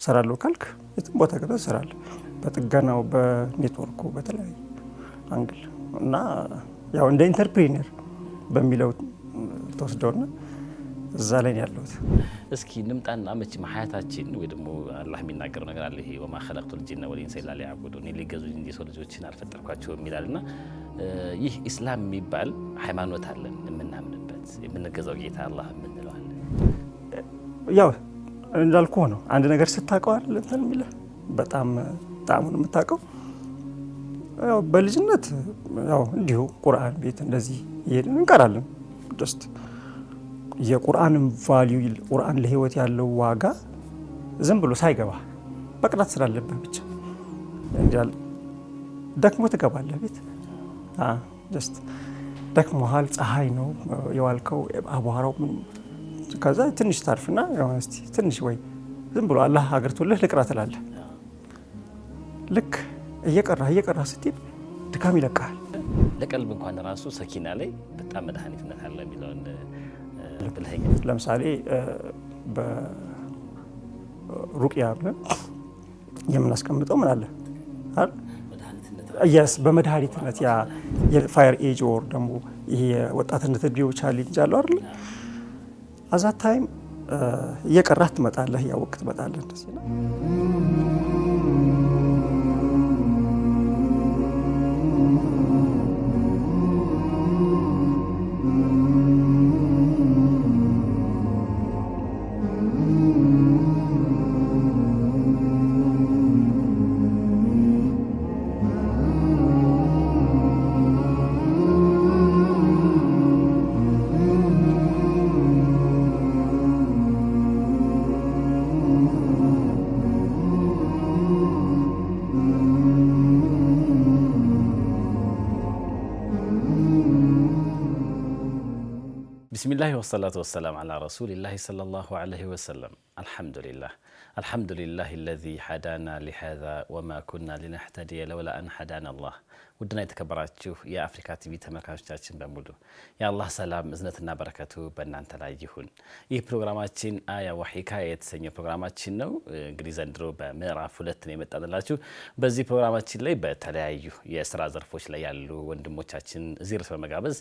እሰራለሁ ካልክ የትም ቦታ ገብተህ ትሰራለህ። በጥገናው፣ በኔትወርኩ፣ በተለያዩ አንግል እና ያው እንደ ኢንተርፕሪነር በሚለው ተወስደውና እዛ ላይ ያለሁት። እስኪ ንምጣና መቼም ሀያታችን ወይ ደግሞ አላህ የሚናገረው ነገር አለ። ይሄ ወማ ኸለቅቱ ልጅነ ወልኢንሰ ኢላ እኔ ሊገዙ እንጂ የሰው ልጆችን አልፈጠርኳቸውም ይላል እና ይህ ኢስላም የሚባል ሃይማኖት አለን፣ የምናምንበት የምንገዛው ጌታ አላህ የምንለዋለን ያው እንዳልኩ ነው። አንድ ነገር ስታውቀው አይደለም የሚልህ በጣም ጣሙን የምታውቀው ያው በልጅነት ያው እንዲሁ ቁርአን ቤት እንደዚህ እየሄድን እንቀራለን። ጀስት የቁርአንን ቫልዩ ቁርአን ለህይወት ያለው ዋጋ ዝም ብሎ ሳይገባ መቅራት ስላለብህ ብቻ እንዲያል ደክሞ ትገባለህ ቤት ጀስት ደክሞሃል። ፀሐይ ነው የዋልከው፣ አቧራው ምንም ከዛ ትንሽ ታርፍና ስ ትንሽ ወይ ዝም ብሎ አላህ አገርቶልህ ልቅራ ትላለህ። ልክ እየቀራህ እየቀራህ ስትሄድ ድካም ይለቃል። ለቀልብ እንኳን ራሱ ሰኪና ላይ በጣም መድኃኒትነት አለ የሚለውን ብለኸኛል። ለምሳሌ በሩቅያ ብለን የምናስቀምጠው ምን አለ ስ በመድኃኒትነት ያ የፋየር ኤጅ ወር ደግሞ ይሄ የወጣትነት እድሜዎች ቻሌንጅ አለው አይደል አዛት ታይም uh, እየቀራህ ትመጣለህ፣ እያወቅህ ትመጣለህ። الله والصلاة والسلام على رسول الله صلى الله عليه وسلم الحمد لله الحمد لله الذي هدانا لهذا وما كنا لنهتدي لولا أن هدانا الله ውድና የተከበራችሁ የአፍሪካ ቲቪ ተመልካቾቻችን በሙሉ የአላህ ሰላም እዝነትና በረከቱ በእናንተ ላይ ይሁን። ይህ ፕሮግራማችን አያ ወሒካ የተሰኘው ፕሮግራማችን ነው። እንግዲህ ዘንድሮ በምዕራፍ ሁለት ነው የመጣንላችሁ። በዚህ ፕሮግራማችን ላይ በተለያዩ የስራ ዘርፎች ላይ ያሉ ወንድሞቻችን እዚህ በመጋበዝ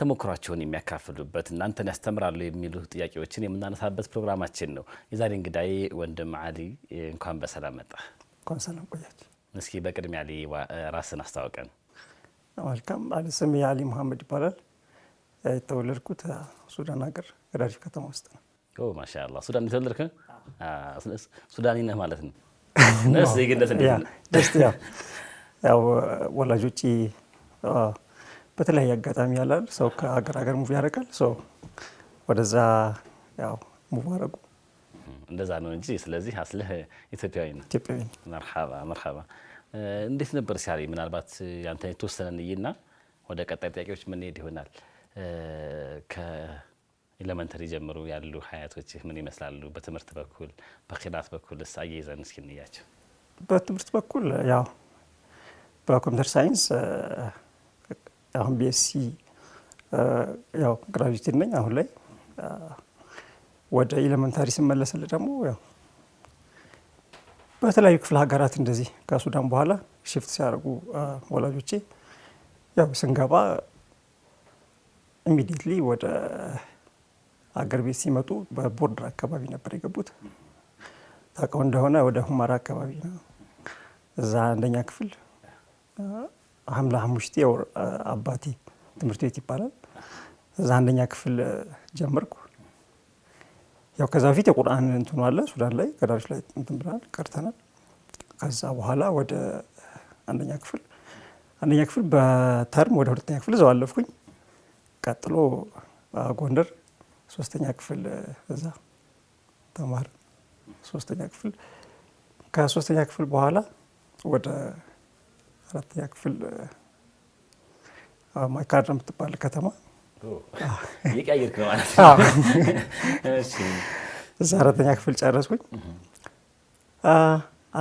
ተሞክሯቸውን የሚያካፍሉበት እናንተን ያስተምራሉ የሚሉ ጥያቄዎችን የምናነሳበት ፕሮግራማችን ነው። የዛሬ እንግዳይ ወንድም አሊ እንኳን በሰላም መጣ። እንኳን ሰላም ቆያችሁ። እስኪ በቅድሚያ አሊ ራስን አስታውቀን። መልካም ስሜ አሊ መሐመድ ይባላል። የተወለድኩት ሱዳን ሀገር ገዳሪፍ ከተማ ውስጥ ነው። ማሻላ ሱዳን የተወለድክ ሱዳኒ ነህ ማለት ነው? ዜግነት ደስ ያው ወላጆቼ በተለያየ አጋጣሚ ያላል ሰው ከሀገር ሀገር ሙቪ ያደርጋል ወደዛ ያው ሙቭ አደረጉ እንደዛ ነው እንጂ። ስለዚህ አስልህ ኢትዮጵያዊ ነው። ኢትዮጵያዊ መርሐባ መርሐባ እንዴት ነበር ሲያሪ? ምናልባት አንተ የተወሰነ እንይና ወደ ቀጣይ ጥያቄዎች ምንሄድ ይሆናል። ከኤሌመንተሪ ጀምሮ ያሉ ሀያቶች ምን ይመስላሉ? በትምህርት በኩል በኪላት በኩል ስ አያይዘን እስኪ እንያቸው። በትምህርት በኩል ያው በኮምፒተር ሳይንስ አሁን ቢኤስሲ ያው ግራጁዌት ነኝ አሁን ላይ ወደ ኤሌመንተሪ ስመለስል ደግሞ ያው በተለያዩ ክፍለ ሀገራት እንደዚህ ከሱዳን በኋላ ሽፍት ሲያደርጉ ወላጆቼ ያው ስንገባ ኢሚዲየትሊ ወደ አገር ቤት ሲመጡ በቦርደር አካባቢ ነበር የገቡት። ታውቀው እንደሆነ ወደ ሁመራ አካባቢ ነው። እዛ አንደኛ ክፍል ሀምላ ሐሙሽቴ አባቴ ትምህርት ቤት ይባላል። እዛ አንደኛ ክፍል ጀመርኩ። ያው ከዛ በፊት የቁርአን እንትኑ አለ ሱዳን ላይ ከዳርች ላይ እንትን ብላል ቀርተናል። ከዛ በኋላ ወደ አንደኛ ክፍል አንደኛ ክፍል በተርም ወደ ሁለተኛ ክፍል እዛው አለፍኩኝ። ቀጥሎ ጎንደር ሶስተኛ ክፍል እዛ ተማር ሶስተኛ ክፍል ከሶስተኛ ክፍል በኋላ ወደ አራተኛ ክፍል ማይካድራ የምትባል ከተማ እየቀያየርክ ነው ማለት ነው። እዛ አራተኛ ክፍል ጨረስኩኝ።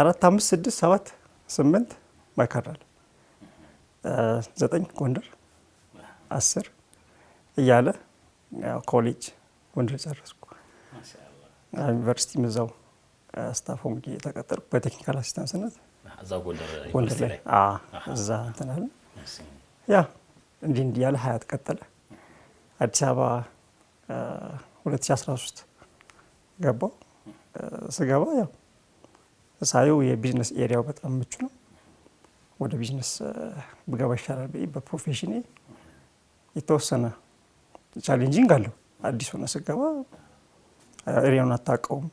አራት፣ አምስት፣ ስድስት፣ ሰባት፣ ስምንት መከራል፣ ዘጠኝ ጎንደር፣ አስር እያለ ኮሌጅ ጎንደር ጨረስኩ። ዩኒቨርሲቲ ምዛው ስታፍ ሆኜ በቴክኒካል አሲስታንስነት ጎንደር ላይ እዛ እንትናል ያ እንዲህ እንዲህ ያለ ሀያት ቀጠለ። አዲስ አበባ 2013 ገባው። ስገባ ያው ሳየው የቢዝነስ ኤሪያው በጣም ምቹ ነው። ወደ ቢዝነስ ብገባ ይሻላል ብዬ በፕሮፌሽኔ የተወሰነ ቻሌንጂንግ አለው። አዲስ ሆነ ስገባ ኤሪያውን አታውቀውም፣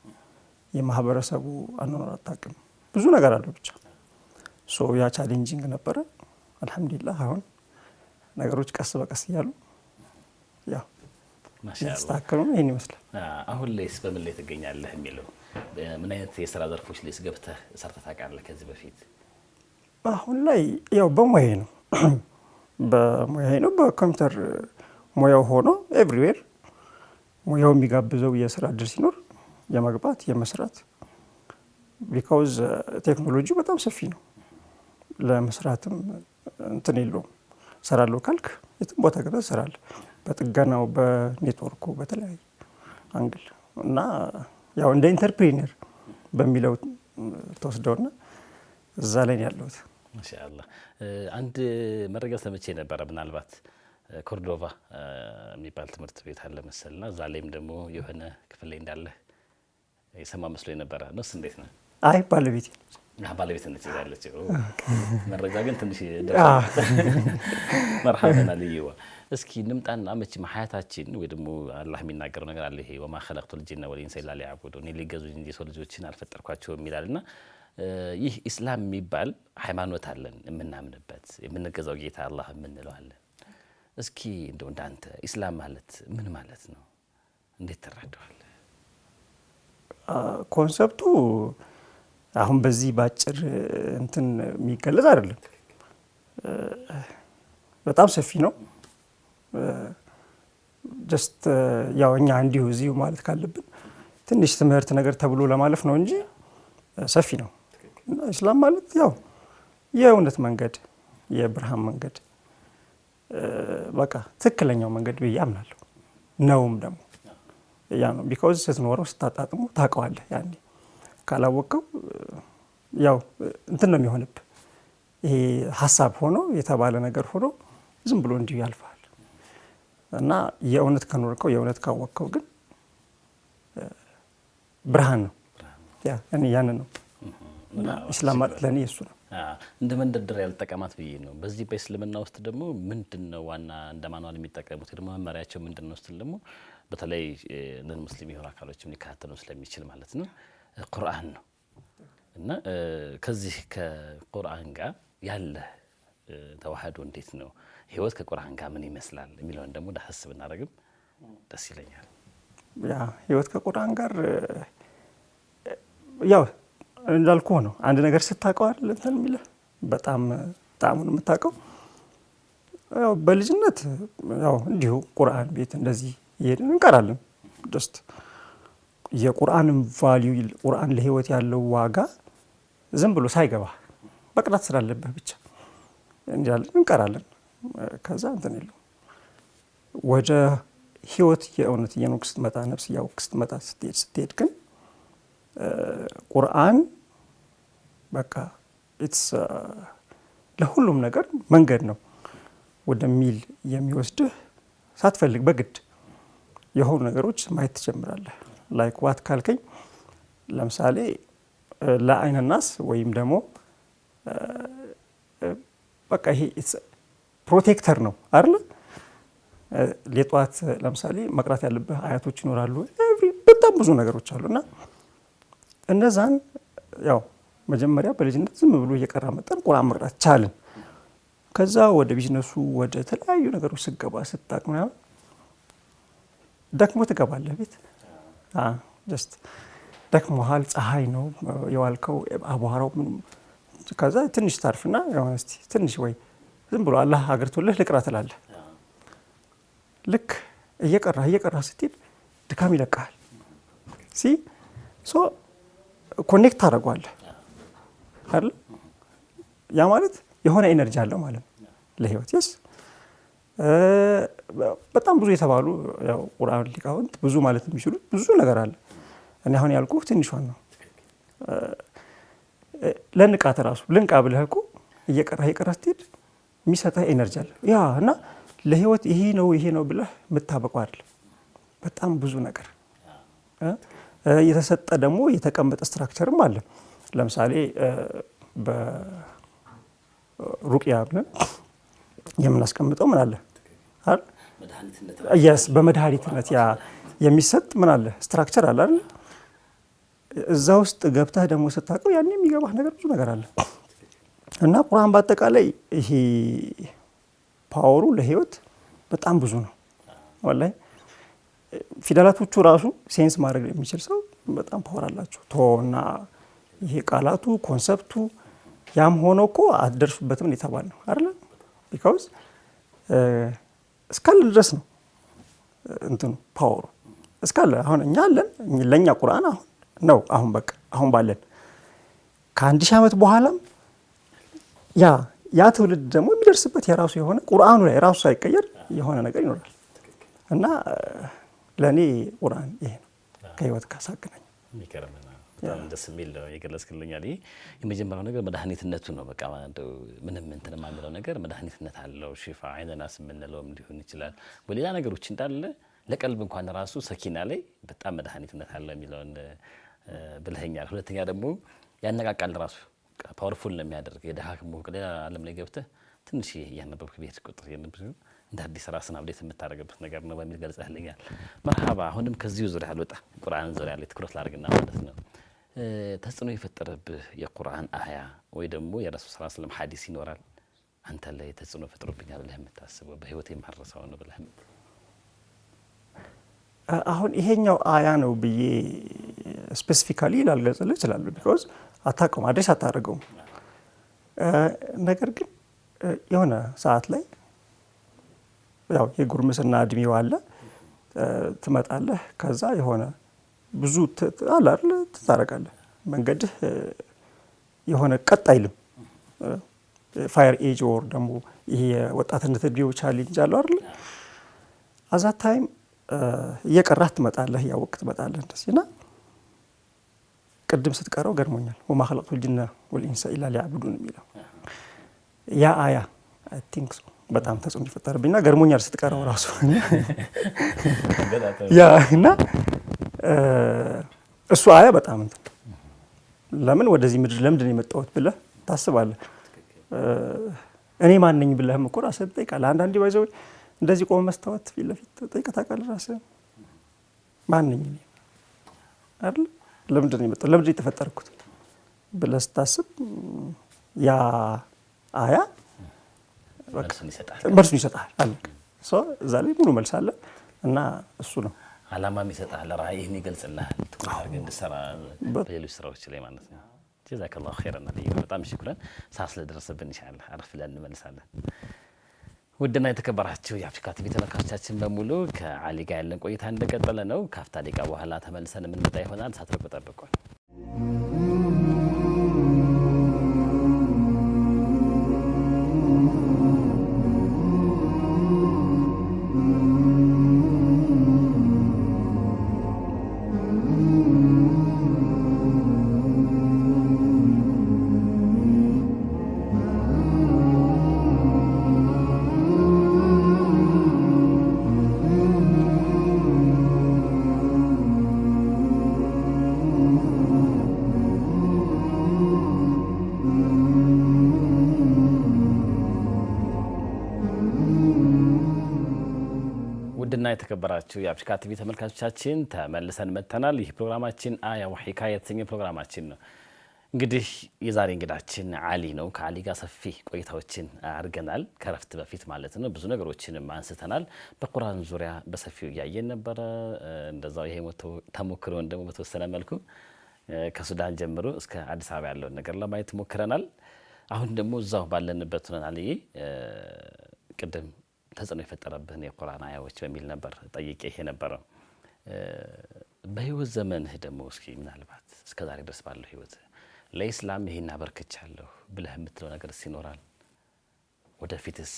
የማህበረሰቡ አኗኗር አታውቅም፣ ብዙ ነገር አለው ብቻ ሶ ያ ቻሌንጂንግ ነበረ። አልሐምዱሊላህ አሁን ነገሮች ቀስ በቀስ እያሉ ያስተካከሉ ነው። ይህን ይመስላል። አሁን ላይስ በምን ላይ ትገኛለህ የሚለው ምን አይነት የስራ ዘርፎች ላይስ ገብተህ ሰርተህ ታውቃለህ ከዚህ በፊት? አሁን ላይ ያው በሙያዬ ነው በሙያዬ ነው በኮምፒውተር ሙያው ሆኖ ኤቭሪዌር ሙያው የሚጋብዘው የስራ እድል ሲኖር የመግባት የመስራት ቢካውዝ ቴክኖሎጂ በጣም ሰፊ ነው። ለመስራትም እንትን የለውም። ሰራለሁ ካልክ የትም ቦታ ገብተህ ትሰራለህ። በጥገናው በኔትወርኩ በተለያዩ አንግል እና ያው እንደ ኢንተርፕሪነር በሚለው ተወስደውና እዛ ላይ ያለሁት ማሻአላ። አንድ መረጃ ሰምቼ ነበረ ምናልባት ኮርዶቫ የሚባል ትምህርት ቤት አለ መሰልና እዛ ላይም ደግሞ የሆነ ክፍል ላይ እንዳለ የሰማ መስሎ የነበረ ነስ እንዴት ነው? አይ ባለቤት ባለቤት ነች ያለችው መረጃ ግን ትንሽ መርሃበና ልዩዋ እስኪ እንምጣና መቼም ሀያታችን ወይ ደሞ አላህ የሚናገረው ነገር አለ። ይሄ ወማ ኸለቅቱል ጂነ ወልኢንሰ ኢላ ሊያዕቡዱ እኔ ሊገዙ እንጂ የሰው ልጆችን አልፈጠርኳቸውም የሚላል ና ይህ ኢስላም የሚባል ሃይማኖት አለን፣ የምናምንበት የምንገዛው ጌታ አላህ የምንለው አለን። እስኪ እንደው እንዳንተ ኢስላም ማለት ምን ማለት ነው? እንዴት ትረዳዋል? ኮንሰፕቱ አሁን በዚህ በአጭር እንትን የሚገለጽ አይደለም። በጣም ሰፊ ነው። ጀስት uh, ያው እኛ እንዲሁ እዚሁ ማለት ካለብን ትንሽ ትምህርት ነገር ተብሎ ለማለፍ ነው እንጂ uh, ሰፊ ነው። እስላም ማለት ያው የእውነት መንገድ፣ የብርሃን መንገድ uh, በቃ ትክክለኛው መንገድ ብዬ አምናለሁ። ነውም ደግሞ ያ ነው። ቢካውዝ ስትኖረው ስታጣጥሞ ታውቀዋለህ። ያኔ ካላወቀው ያው እንትን ነው የሚሆንብህ። ይሄ ሀሳብ ሆኖ የተባለ ነገር ሆኖ ዝም ብሎ እንዲሁ ያልፋል። እና የእውነት ከኖርከው የእውነት ካወቅከው ግን ብርሃን ነው። እኔ ያንን ነው እና ማለት ለእኔ እሱ ነው። እንደ መንደርደሪያ ያልጠቀማት ብዬ ነው። በዚህ በእስልምና ውስጥ ደግሞ ምንድን ነው ዋና እንደ ማንዋል የሚጠቀሙት ደግሞ መመሪያቸው ምንድን ነው ስትል ደግሞ በተለይ ነን ሙስሊም የሆኑ አካሎችም ሊከታተሉ ስለሚችል ማለት ነው ቁርአን ነው እና ከዚህ ከቁርአን ጋር ያለ ተዋህዶ እንዴት ነው ህይወት ከቁርአን ጋር ምን ይመስላል የሚለውን ደግሞ ዳሰስ ብናደርግም ደስ ይለኛል። ያ ህይወት ከቁርአን ጋር ያው እንዳልኩ ነው። አንድ ነገር ስታውቀው አይደል እንትን የሚልህ በጣም ጣዕሙን የምታውቀው ያው በልጅነት ያው እንዲሁ ቁርአን ቤት እንደዚህ እየሄድን እንቀራለን። ደስት የቁርአንን ቫሊዩ ቁርአን ለህይወት ያለው ዋጋ ዝም ብሎ ሳይገባ መቅራት ስላለብህ ብቻ እንዲያለን እንቀራለን። ከዛ እንትን የለው ወደ ህይወት የእውነት እየኖክ ስትመጣ ነፍስ ያውክ ስትመጣ ስትሄድ ስትሄድ ግን ቁርአን በቃ ኢትስ ለሁሉም ነገር መንገድ ነው ወደሚል የሚወስድህ ሳትፈልግ በግድ የሆኑ ነገሮች ማየት ትጀምራለህ። ላይክ ዋት ካልከኝ ለምሳሌ ለአይነ ናስ ወይም ደግሞ በቃ ይሄ ፕሮቴክተር ነው አይደል? ሌጧት ለምሳሌ መቅራት ያለብህ አያቶች ይኖራሉ። በጣም ብዙ ነገሮች አሉ እና እነዛን ያው መጀመሪያ በልጅነት ዝም ብሎ እየቀራ መጠን ቁርአን መቅራት ቻልን። ከዛ ወደ ቢዝነሱ ወደ ተለያዩ ነገሮች ስገባ ስታቅ ምናምን ደክሞ ትገባለህ ቤት ጀስት ደክሞሃል። ፀሐይ ነው የዋልከው፣ አቧራው። ከዛ ትንሽ ታርፍና ትንሽ ወይ ዝም ብሎ አላህ አገርቶልህ ልቅራ ትላለህ። ልክ እየቀራህ እየቀራህ ስትል ድካም ይለቃሃል። ሲ ሶ ኮኔክት ታደርገዋለህ አይደል? ያ ማለት የሆነ ኤነርጂ አለው ማለት ነው ለህይወት ስ በጣም ብዙ የተባሉ ቁርአን ሊቃውንት ብዙ ማለት የሚችሉት ብዙ ነገር አለ። እኔ አሁን ያልኩ ትንሿን ነው። ለንቃት ራሱ ልንቃ ብለህ እኮ እየቀራህ እየቀራህ ስትሄድ የሚሰጠህ ኤነርጂ አለ ያ እና ለህይወት ይሄ ነው ይሄ ነው ብለህ የምታበቁ አይደለም። በጣም ብዙ ነገር የተሰጠ ደግሞ የተቀመጠ ስትራክቸርም አለ። ለምሳሌ በሩቅያ ብለን የምናስቀምጠው ምን አለ ስ በመድኃኒትነት ያ የሚሰጥ ምን አለ ስትራክቸር አለ አይደል? እዛ ውስጥ ገብተህ ደግሞ ስታውቀው ያኔ የሚገባህ ነገር ብዙ ነገር አለ። እና ቁርአን በአጠቃላይ ይሄ ፓወሩ ለህይወት በጣም ብዙ ነው። ወላሂ ፊደላቶቹ ራሱ ሴንስ ማድረግ የሚችል ሰው በጣም ፓወር አላቸው። ቶ እና ይሄ ቃላቱ ኮንሰፕቱ ያም ሆኖ እኮ አትደርሱበትም የተባል ነው አይደለ? ቢካውዝ እስካለ ድረስ ነው እንትኑ ፓወሩ እስካለ አሁን እኛ አለን ለእኛ ቁርአን አሁን ነው አሁን በቃ አሁን ባለን ከአንድ ሺህ ዓመት በኋላም ያ ያ ትውልድ ደግሞ የሚደርስበት የራሱ የሆነ ቁርአኑ ላይ ራሱ ሳይቀየር የሆነ ነገር ይኖራል እና ለእኔ ቁርአን ይሄ ነው ከህይወት ካሳገናኝ በጣም ደስ የሚል ነው የገለጽክልኛል። ይሄ የመጀመሪያው ነገር መድኃኒትነቱ ነው። በቃ ምንም እንትን የማንለው ነገር መድኃኒትነት አለው። ሽፋ አይነናስ የምንለውም ሊሆን ይችላል። በሌላ ነገሮች እንዳለ ለቀልብ እንኳን ራሱ ሰኪና ላይ በጣም መድኃኒትነት አለ የሚለውን ብልህኛል። ሁለተኛ ደግሞ ያነቃቃል ራሱ በቃ ፓወርፉል ነው የሚያደርግ የድሃ ከመሆን ሌላ ዓለም ላይ ገብተህ ትንሽ እያነበብክ ቤት ቁጥር እንደ አዲስ ራስን አብዴት የምታደርግበት ነገር ነው በሚል ገልጸህልኛል። መርሃባ። አሁንም ከዚሁ ዙሪያ አልወጣ ቁርአን ዙሪያ ላይ ትኩረት ላድርግና ማለት ነው ተጽዕኖ የፈጠረብህ የቁርአን አያ ወይ ደግሞ የረሱል ስላ ስለም ሀዲስ ይኖራል አንተ ላይ ተጽዕኖ ፈጥሮብኛል ብለህ የምታስበው በህይወት የማረሰው ነው ብለህ አሁን ይሄኛው አያ ነው ብዬ ስፔሲፊካሊ ላልገጽልህ እችላለሁ ቢኮዝ አታውቀውም፣ አድሬስ አታደርገውም። ነገር ግን የሆነ ሰዓት ላይ ያው የጉርምስና እድሜው አለ ትመጣለህ። ከዛ የሆነ ብዙ አላር ትታረቃለህ። መንገድህ የሆነ ቀጥ አይልም። ፋየር ኤጅ ወር ደግሞ ይሄ የወጣትነት እድሜው ቻሌንጅ አለው አይደለ? አዛ ታይም እየቀራህ ትመጣለህ፣ እያወቅ ትመጣለህ እንደዚህ እና ቅድም ስትቀረው ገርሞኛል። ወማ ኸለቅቱል ልጅነ ወልኢንሰ ኢላ ሊያዕቡዱን የሚለው ያ አያ አይ ቲንክ ሶ በጣም ተጽዕኖ ይፈጠርብኝና ገርሞኛል ስትቀረው ራሱ ያ እና እሱ አያ በጣም እንትን ለምን ወደዚህ ምድር ለምንድን የመጣሁት ብለህ ታስባለህ። እኔ ማነኝ ብለህም እኮ ራስህን ትጠይቃለህ። አንዳንዴ ባይዘው እንደዚህ ቆመ መስታወት ፊት ለፊት ጠይቀህ ታውቃለህ ራስህን ማነኝ አይደል ለምንድን ነው የመጣሁት ለምንድን የተፈጠርኩት ብለህ ስታስብ ያ አያ መልሱን ይሰጣል። እዛ ላይ ሙሉ መልስ አለ እና እሱ ነው አላማም ይሰጣል፣ ራእይህን ይገልጽልሃል። ትኩረት እንድትሰራ በሌሎች ስራዎች ላይ ማለት ነው። ጀዛከላሁ ኸይረን። በጣም ሽኩረን። ሳስ ስለደረሰብን ይሻለ አረፍ ብለን እንመልሳለን። ውድና የተከበራችሁ የአፍሪካ ቲቪ ተመልካቾቻችን በሙሉ ከአሊ ጋር ያለን ቆይታ እንደቀጠለ ነው። ከአፍታ ደቂቃ በኋላ ተመልሰን የምንመጣ ይሆናል። ሳትርቁ ጠብቁን። የተከበራችሁ የአፍሪካ ቲቪ ተመልካቾቻችን ተመልሰን መጥተናል። ይህ ፕሮግራማችን አያ ወሂካያ የተሰኘ ፕሮግራማችን ነው። እንግዲህ የዛሬ እንግዳችን አሊ ነው። ከአሊ ጋር ሰፊ ቆይታዎችን አድርገናል፣ ከረፍት በፊት ማለት ነው። ብዙ ነገሮችንም አንስተናል። በቁርአን ዙሪያ በሰፊው እያየን ነበረ። እንደዛው ይሄ ተሞክሮን ደግሞ በተወሰነ መልኩ ከሱዳን ጀምሮ እስከ አዲስ አበባ ያለውን ነገር ለማየት ሞክረናል። አሁን ደግሞ እዛው ባለንበት ሆነናል። ቅድም ተጽዕኖ የፈጠረብህን የቁርአን አያዎች በሚል ነበር ይሄ የነበረው። በህይወት ዘመንህ ደግሞ እስኪ ምናልባት እስከ ዛሬ ድረስ ባለው ህይወት ለኢስላም ይሄን አበርክቻለሁ ብለህ የምትለው ነገር ይኖራል? ወደፊትስ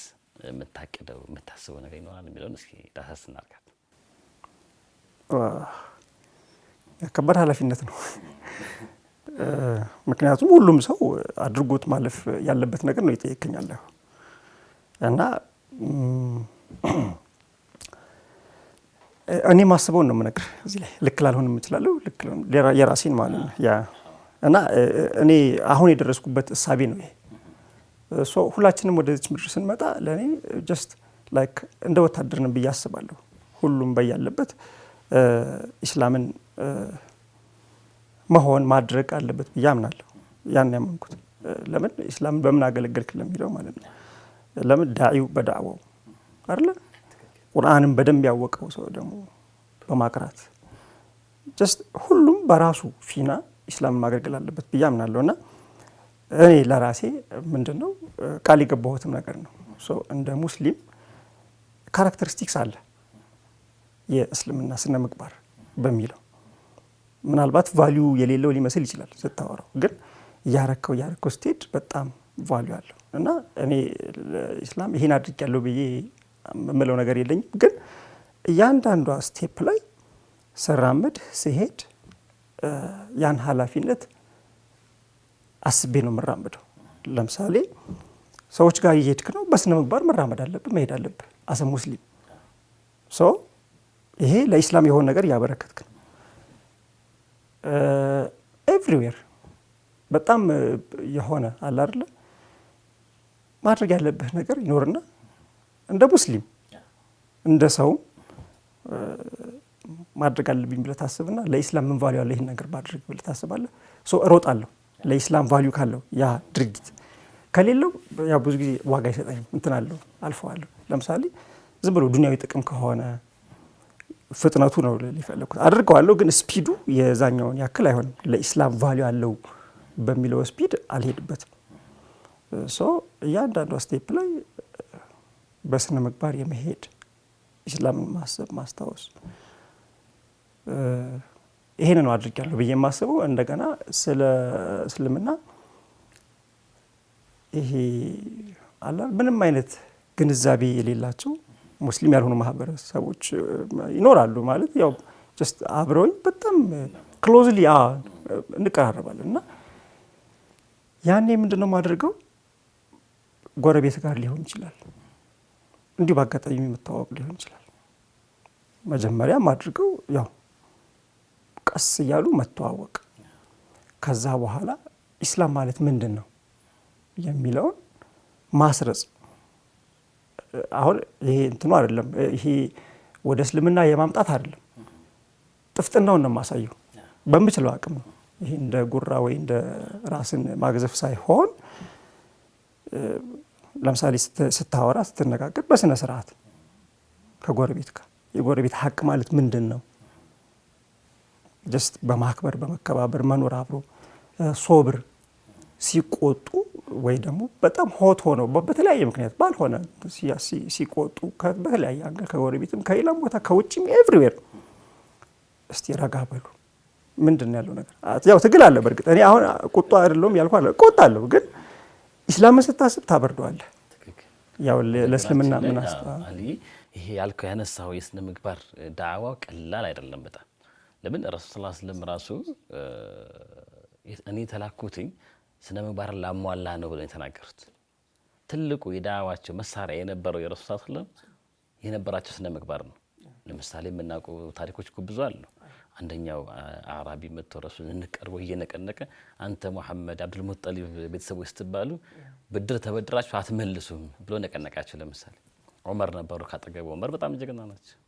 የምታቅደው የምታስበው ነገር ይኖራል የሚለውን እስኪ ዳሰስ እናድርጋት። ከባድ ኃላፊነት ነው። ምክንያቱም ሁሉም ሰው አድርጎት ማለፍ ያለበት ነገር ነው ይጠየቀኛለሁ እና እኔ ማስበውን ነው የምነግርህ። እዚህ ላይ ልክ ላልሆን የምችላለሁ የራሴን ማለት ነው ያ እና እኔ አሁን የደረስኩበት እሳቤ ነው ይሄ። ሁላችንም ወደዚች ምድር ስንመጣ ለእኔ ጀስት ላይክ እንደ ወታደርን ብዬ አስባለሁ። ሁሉም በያለበት ኢስላምን መሆን ማድረግ አለበት ብዬ አምናለሁ። ያን ያመንኩት ለምን ኢስላምን በምን አገለገልክ ለሚለው ማለት ነው ለምን ዳዒው በዳዕዋው አለ ቁርአንን በደንብ ያወቀው ሰው ደግሞ በማቅራት ሁሉም በራሱ ፊና ኢስላም ማገልገል አለበት ብዬ አምናለሁ። እና እኔ ለራሴ ምንድን ነው ቃል የገባሁትም ነገር ነው። እንደ ሙስሊም ካራክተሪስቲክስ አለ የእስልምና ስነ ምግባር በሚለው ምናልባት ቫሊዩ የሌለው ሊመስል ይችላል ስታወራው፣ ግን እያረከው እያረከው ስትሄድ በጣም ቫሊዩ አለው። እና እኔ ይሄን ይህን ያለው ብዬ የምለው ነገር የለኝም። ግን እያንዳንዷ ስቴፕ ላይ ስራምድ ስሄድ ያን ኃላፊነት አስቤ ነው የምራመደው። ለምሳሌ ሰዎች ጋር እየሄድክ ነው፣ በስነ ምግባር መራመድ አለብህ፣ መሄድ አለብህ። አሰ ሙስሊም ሰው ይሄ ለኢስላም የሆነ ነገር እያበረከትክ ነው። ኤቭሪዌር በጣም የሆነ አለ አይደለ ማድረግ ያለብህ ነገር ይኖርና እንደ ሙስሊም እንደ ሰው ማድረግ አለብኝ ብለህ ታስብና ለኢስላም ምን ቫሊዩ አለ ይህን ነገር ማድረግ ብለህ ታስባለህ። ሶ እሮጣለሁ ለኢስላም ቫሊዩ ካለው ያ ድርጊት ከሌለው ያው ብዙ ጊዜ ዋጋ አይሰጠኝም እንትን አለው አልፈዋለሁ። ለምሳሌ ዝም ብሎ ዱንያዊ ጥቅም ከሆነ ፍጥነቱ ነው ሊፈለግኩት አድርገዋለሁ፣ ግን ስፒዱ የዛኛውን ያክል አይሆንም። ለኢስላም ቫሊዩ አለው በሚለው ስፒድ አልሄድበትም። ሶ እያንዳንዷ ስቴፕ ላይ በስነ ምግባር የመሄድ ኢስላምን ማሰብ ማስታወስ ይሄን ነው አድርጊያለሁ ብዬ የማስበው። እንደገና ስለ እስልምና ይሄ አላ ምንም አይነት ግንዛቤ የሌላቸው ሙስሊም ያልሆኑ ማህበረሰቦች ይኖራሉ። ማለት ያው ጀስት አብረውኝ በጣም ክሎዝሊ እንቀራረባለን እና ያኔ ምንድን ነው ማድርገው ጎረቤት ጋር ሊሆን ይችላል፣ እንዲሁ በአጋጣሚ የምታዋወቅ ሊሆን ይችላል። መጀመሪያም አድርገው ያው ቀስ እያሉ መተዋወቅ፣ ከዛ በኋላ ኢስላም ማለት ምንድን ነው የሚለውን ማስረጽ። አሁን ይሄ እንትኑ አይደለም፣ ይሄ ወደ እስልምና የማምጣት አይደለም፣ ጥፍጥናውን ነው የማሳየው። በምችለው አቅም ነው። ይሄ እንደ ጉራ ወይ እንደ ራስን ማግዘፍ ሳይሆን ለምሳሌ ስታወራ ስትነጋገር በስነ ስርዓት ከጎረቤት ጋር የጎረቤት ሀቅ ማለት ምንድን ነው? ጀስት በማክበር በመከባበር መኖር አብሮ ሶብር ሲቆጡ ወይ ደግሞ በጣም ሆት ሆነው በተለያየ ምክንያት ባልሆነ ሲቆጡ በተለያየ አንገር ከጎረቤትም ከሌላም ቦታ ከውጭም ኤቭሪዌር እስቲ ረጋ በሉ ምንድን ነው ያለው ነገር? ያው ትግል አለ። በእርግጥ እኔ አሁን ቁጡ አይደለሁም ያልኩ አለ አለሁ ግን ኢስላምን ስታስብ ታበርደዋለህ። ያው ለእስልምና ምን ይሄ ያልከው ያነሳው የስነ ምግባር ዳዕዋ ቀላል አይደለም። በጣም ለምን ረሱ ስ ስለም ራሱ እኔ ተላኩትኝ ስነ ምግባርን ላሟላ ነው ብለው የተናገሩት። ትልቁ የዳዕዋቸው መሳሪያ የነበረው የረሱ ስለም የነበራቸው ስነ ምግባር ነው። ለምሳሌ የምናውቁ ታሪኮች ብዙ አሉ። አንደኛው አራቢ መጥቶ ረሱል እንቀርቦ እየነቀነቀ አንተ ሙሐመድ አብዱልሙጠሊብ ቤተሰቦች ስትባሉ ብድር ተበድራችሁ አትመልሱም ብሎ ነቀነቃቸው። ለምሳሌ ዑመር ነበሩ ካጠገቡ። ዑመር በጣም ጀግና ናቸው።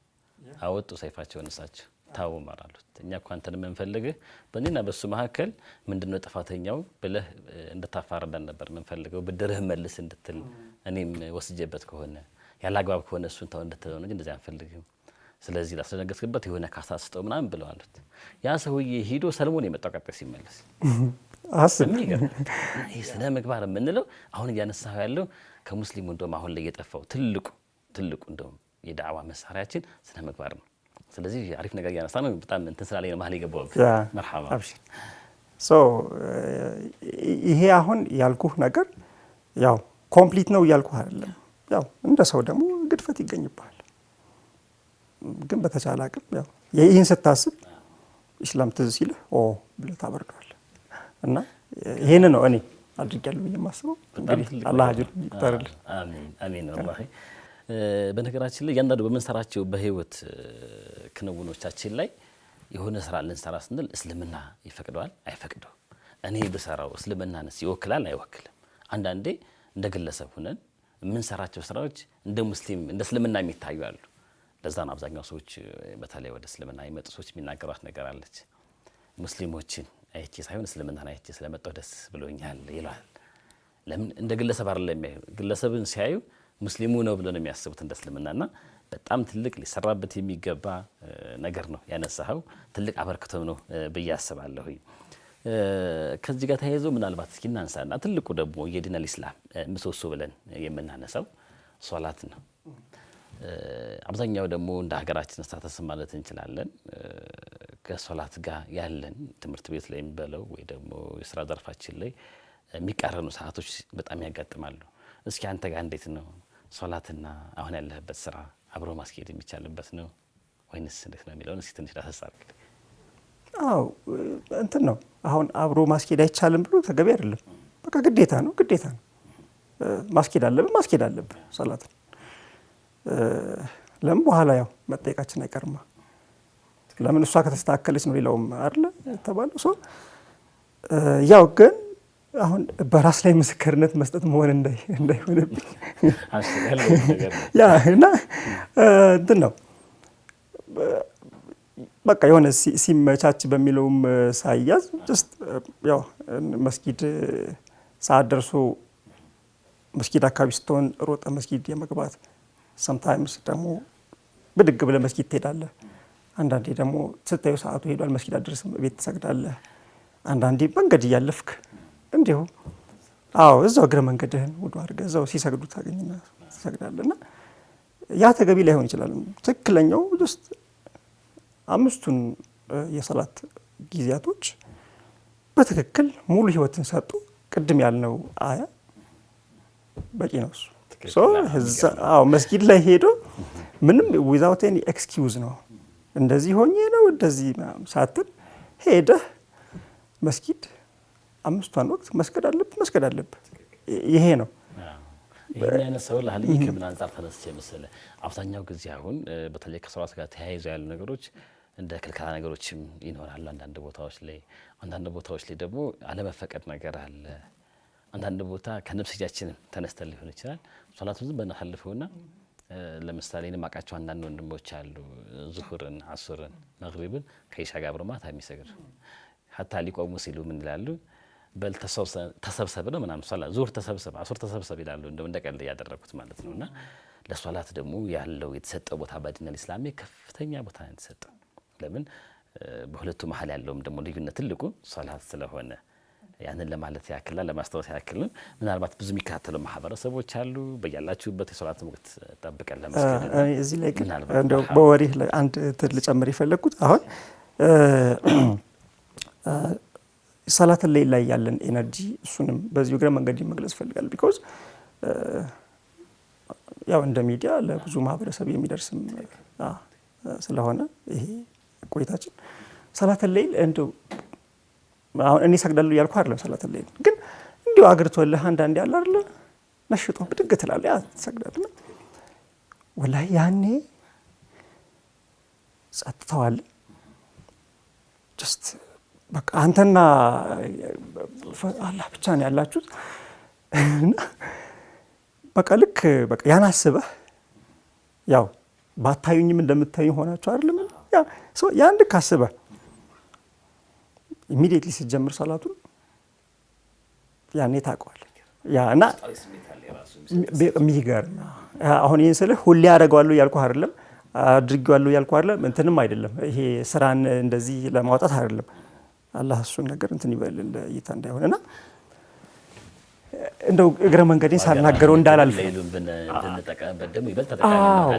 አወጡ ሰይፋቸው እሳቸው ታው ዑመር አሉት፣ እኛ እኮ አንተን የምንፈልግህ በእኔና በእሱ መካከል ምንድነው ጥፋተኛው ብለህ እንድታፋርደን ነበር የምንፈልገው፣ ብድርህ መልስ እንድትል እኔም ወስጄበት ከሆነ ያለ አግባብ ከሆነ እሱን ተው እንድትለው እንጂ እንደዚህ አንፈልግም ስለዚህ ላስደነገጥክበት የሆነ ካሳ ስጠው ምናምን ብለዋል። ያ ሰውዬ ሂዶ ሰልሞን የመጣው ቀጣይ ሲመለስ ይህ ስነ ምግባር የምንለው አሁን እያነሳው ያለው ከሙስሊሙ እንደውም አሁን ላይ የጠፋው ትልቁ ትልቁ እንደውም የዳዕዋ መሳሪያችን ስነ ምግባር ነው። ስለዚህ አሪፍ ነገር እያነሳ ነው። በጣም እንትን ስላለኝ ነው መሀል የገባሁት። ይሄ አሁን ያልኩህ ነገር ያው ኮምፕሊት ነው እያልኩህ አይደለም። ያው እንደ ሰው ደግሞ ግድፈት ይገኝብሃል። ግን በተቻለ አቅም ይህን ስታስብ ኢስላም ትዝ ሲልህ ኦ ብለህ ታበርደዋለህ እና ይህን ነው እኔ አድርጌያለሁ ብዬ የማስበው። እንግዲህ አላህ አጅር በነገራችን ላይ እያንዳንዱ በምንሰራቸው በህይወት ክንውኖቻችን ላይ የሆነ ስራ ልንሰራ ስንል እስልምና ይፈቅደዋል አይፈቅደው፣ እኔ ብሰራው እስልምናንስ ይወክላል አይወክልም። አንዳንዴ እንደ ግለሰብ ሁነን የምንሰራቸው ስራዎች እንደ ሙስሊም እንደ እስልምና የሚታዩ አሉ። ለዛ ነው አብዛኛው ሰዎች በተለይ ወደ እስልምና የመጡ ሰዎች የሚናገሯት ነገር አለች። ሙስሊሞችን አይቼ ሳይሆን እስልምናን አይቼ ስለመጣሁ ደስ ብሎኛል ይሏል። ለምን እንደ ግለሰብ አይደለም የሚያዩ ግለሰብን ሲያዩ ሙስሊሙ ነው ብሎ ነው የሚያስቡት እንደ እስልምናና በጣም ትልቅ ሊሰራበት የሚገባ ነገር ነው ያነሳኸው። ትልቅ አበርክቶም ነው ብዬ አስባለሁ። ከዚህ ጋር ተያይዞ ምናልባት እስኪ እናንሳና ትልቁ ደግሞ የዲን አልኢስላም ምሰሶ ብለን የምናነሳው ሶላት ነው። አብዛኛው ደግሞ እንደ ሀገራችን ስታተስ ማለት እንችላለን ከሶላት ጋር ያለን ትምህርት ቤት ላይ የሚበለው ወይ ደግሞ የስራ ዘርፋችን ላይ የሚቃረኑ ሰዓቶች በጣም ያጋጥማሉ። እስኪ አንተ ጋር እንዴት ነው ሶላትና አሁን ያለህበት ስራ አብሮ ማስኬድ የሚቻልበት ነው ወይንስ እንዴት ነው የሚለውን እስኪ ትንሽ ዳሰሳ አዎ እንትን ነው አሁን አብሮ ማስኬድ አይቻልም ብሎ ተገቢ አይደለም። በቃ ግዴታ ነው፣ ግዴታ ነው ማስኬድ አለብን፣ ማስኬድ አለብን ሶላትን ለምን በኋላ ያው መጠየቃችን አይቀርማ። ለምን እሷ ከተስተካከለች ነው ሌላውም አለ የተባለው ሰው ያው ግን አሁን በራስ ላይ ምስክርነት መስጠት መሆን እንዳይሆንብኝ እና እንትን ነው በቃ የሆነ ሲመቻች በሚለውም ሳያዝ ጀስት ያው መስጊድ ሳደርሶ መስጊድ አካባቢ ስትሆን ሮጠ መስጊድ የመግባት ሰምታይምስ ደግሞ ብድግ ብለህ መስጊድ ትሄዳለህ። አንዳንዴ ደግሞ ስታዩ ሰዓቱ ሄዷል፣ መስጊድ አደርስም፣ ቤት ትሰግዳለህ። አንዳንዴ መንገድ እያለፍክ እንዲሁ አዎ፣ እዛው እግረ መንገድህን ውዱ አድርገህ እዛው ሲሰግዱ ታገኝና ትሰግዳለህ። እና ያ ተገቢ ላይሆን ይችላል። ትክክለኛው ውስጥ አምስቱን የሰላት ጊዜያቶች በትክክል ሙሉ ህይወትን ሰጡ። ቅድም ያልነው አያ በቂ ነው እሱ መስጊድ ላይ ሄዶ ምንም ዊዛውት ኤኒ ኤክስኪውዝ ነው እንደዚህ ሆኜ ነው እንደዚህ ሳትል ሄደህ መስጊድ አምስቷን ወቅት መስገድ አለብህ መስገድ አለብህ። ይሄ ነው ይህን ሰው ላህል ከምን አንጻር ተነስቼ መሰለህ፣ አብዛኛው ጊዜ አሁን በተለይ ከሰላት ጋር ተያይዘው ያሉ ነገሮች እንደ ክልከላ ነገሮችም ይኖራሉ። አንዳንድ ቦታዎች ላይ አንዳንድ ቦታዎች ላይ ደግሞ አለመፈቀድ ነገር አለ። አንዳንድ ቦታ ከነፍስጃችንም ተነስተን ሊሆን ይችላል ሶላቱን ዝም በናሳልፈውና ለምሳሌ እኔ ማቃቸው አንዳንድ ወንድሞች አሉ ዙሁርን፣ አሱርን፣ መግሪብን ከኢሻ ጋር አብሮ የሚሰግድ ሀታ ሊቆሙ ሲሉ ምን ይላሉ? በል ተሰብሰብ ነው ምናምን ሶላት ዙሁር ተሰብሰብ፣ አሱር ተሰብሰብ ይላሉ። እንደው እንደ ቀልድ እያደረኩት ማለት ነው። እና ለሶላት ደግሞ ያለው የተሰጠው ቦታ በዲነል ኢስላሚ ከፍተኛ ቦታ ነው የተሰጠው። ለምን በሁለቱ መሀል ያለውም ደግሞ ልዩነት ትልቁ ሶላት ስለሆነ ያንን ለማለት ያክልና ለማስታወስ ያክልን ምናልባት ብዙ የሚከታተሉ ማህበረሰቦች አሉ። በያላችሁበት የሶላት ወቅት ጠብቀን ለመስገድ እዚህ ላይ ግን እንደው በወሬ አንድ ልጨምር የፈለግኩት አሁን ሰላት ላይ ላይ ያለን ኤነርጂ እሱንም በዚሁ እግረ መንገድ መግለጽ ይፈልጋል። ቢኮዝ ያው እንደ ሚዲያ ለብዙ ማህበረሰብ የሚደርስም ስለሆነ ይሄ ቆይታችን ሰላተን ሌይል እንደው አሁን እኔ ሰግዳለሁ እያልኩ አይደለም ሰላት ላይ ግን እንዲሁ አግርቶልህ አንዳንዴ ያለ አይደለ ነሽጦ ብድግ ትላለህ፣ ያ ትሰግዳለህ። ወላሂ ያኔ ጸጥተዋል። ጀስት በቃ አንተና አላህ ብቻ ነው ያላችሁት። በቃ ልክ በቃ ያን አስበህ ያው ባታዩኝም እንደምታዩኝ ሆናችሁ አይደለም ያ ያን ልክ አስበህ ኢሚዲየትሊ ስትጀምር ሰላቱን ያኔ ታውቀዋል እና የሚገርም አሁን ይህን ስልህ ሁሌ አደርገዋለሁ እያልኩህ አይደለም፣ አድርጌዋለሁ እያልኩህ አይደለም፣ እንትንም አይደለም። ይሄ ስራን እንደዚህ ለማውጣት አይደለም። አላህ እሱን ነገር እንትን ይበል ለእይታ እንዳይሆን እና እንደው እግረ መንገዴን ሳናገረው እንዳላልፍ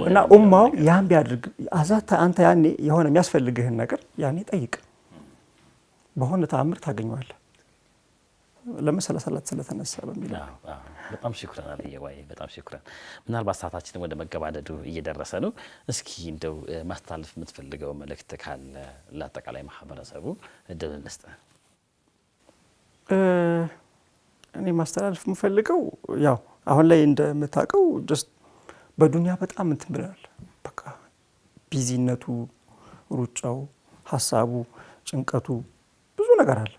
እና ኡማው ያን ቢያድርግ አዛ አንተ ያኔ የሆነ የሚያስፈልግህን ነገር ያኔ ጠይቅ። በሆነ ተአምር ታገኘዋለህ። ለመሰላሰላት ስለተነሳ በሚል በጣም ሽኩረን አለየዋይ በጣም ሽኩረን። ምናልባት ሰዓታችንም ወደ መገባደዱ እየደረሰ ነው። እስኪ እንደው ማስተላለፍ የምትፈልገው መልእክት ካለ ለአጠቃላይ ማህበረሰቡ እድል እንስጥ። እኔ ማስተላለፍ የምፈልገው ያው አሁን ላይ እንደምታውቀው ጀስት በዱንያ በጣም እንትን ብለናል። በቃ ቢዚነቱ፣ ሩጫው፣ ሀሳቡ፣ ጭንቀቱ ብዙ ነገር አለ።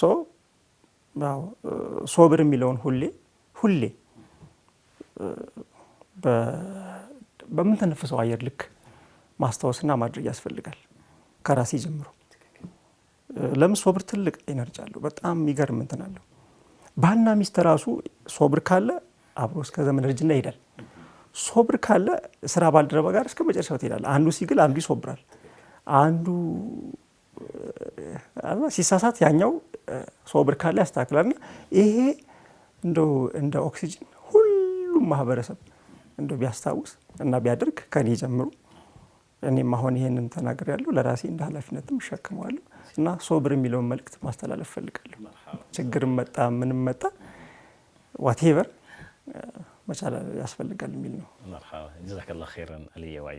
ሶ ሶብር የሚለውን ሁሌ ሁሌ በምንተነፍሰው አየር ልክ ማስታወስና ማድረግ ያስፈልጋል። ከራሴ ጀምሮ ለምን ሶብር ትልቅ ኤነርጂ አለው። በጣም የሚገርም እንትን አለው። ባልና ሚስት ራሱ ሶብር ካለ አብሮ እስከ ዘመን እርጅና ይሄዳል። ሶብር ካለ ስራ ባልደረባ ጋር እስከ መጨረሻው ትሄዳል። አንዱ ሲግል አንዱ ይሶብራል። አንዱ ሲሳሳት ያኛው ሶብር ካለ ያስተካክላልና ይሄ እንደው እንደ ኦክሲጅን ሁሉም ማህበረሰብ እንደው ቢያስታውስ እና ቢያደርግ ከኔ ጀምሮ እኔም አሁን ይሄንን ተናገር ያለው ለራሴ እንደ ኃላፊነትም እሸክመዋለሁ እና ሶብር የሚለውን መልእክት ማስተላለፍ ፈልጋለሁ። ችግርም መጣ ምንም መጣ ዋቴቨር መቻል ያስፈልጋል የሚል ነው። ጀዛከላ ኸይረን አልየ ዋይ።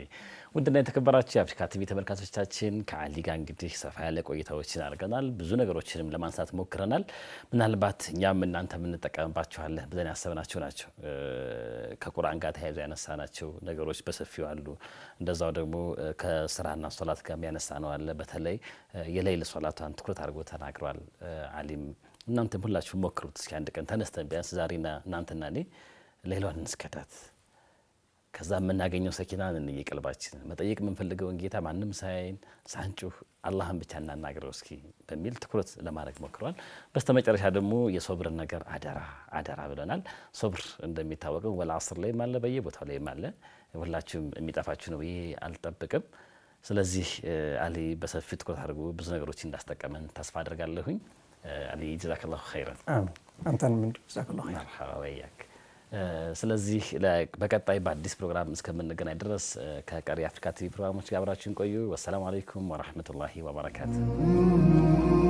ውድና የተከበራችሁ የአፍሪካ ቲቪ ተመልካቾቻችን ከአሊ ጋር እንግዲህ ሰፋ ያለ ቆይታዎችን አድርገናል። ብዙ ነገሮችንም ለማንሳት ሞክረናል። ምናልባት እኛም እናንተ የምንጠቀምባችኋለን ብለን ያሰብናቸው ናቸው። ከቁርአን ጋር ተያይዞ ያነሳናቸው ነገሮች በሰፊው አሉ። እንደዛው ደግሞ ከስራና ሶላት ጋር ያነሳ ነው አለ። በተለይ የሌይል ሶላቷን ትኩረት አድርጎ ተናግሯል አሊም። እናንተም ሁላችሁ ሞክሩት እስኪ አንድ ቀን ተነስተን ቢያንስ ዛሬና እናንተና እኔ ሌሏን እንስከታት። ከዛ የምናገኘው ሰኪና እንየ ቀልባችን መጠየቅ የምንፈልገውን ጌታ ማንም ሳይን ሳንጩህ አላህን ብቻ እናናግረው እስኪ በሚል ትኩረት ለማድረግ ሞክረዋል። በስተመጨረሻ ደግሞ የሶብር ነገር አደራ አደራ ብለናል። ሶብር እንደሚታወቀው አስር ላይም አለ በየቦታው ላይም አለ። ሁላችሁም የሚጠፋችሁ ነው ይሄ አልጠብቅም። ስለዚህ አሊ በሰፊ ትኩረት አድርጎ ብዙ ነገሮች እንዳስጠቀመን ተስፋ አድርጋለሁኝ። አሊ ጀዛከላሁ ኸይረን አንተን ምን ጀዛከላሁ ኸይረን ስለዚህ በቀጣይ በአዲስ ፕሮግራም እስከምንገናኝ ድረስ ከቀሪ የአፍሪካ ቲቪ ፕሮግራሞች ጋር ቆዩ። ወሰላሙ አለይኩም ወረህመቱላሂ ወበረካቱ።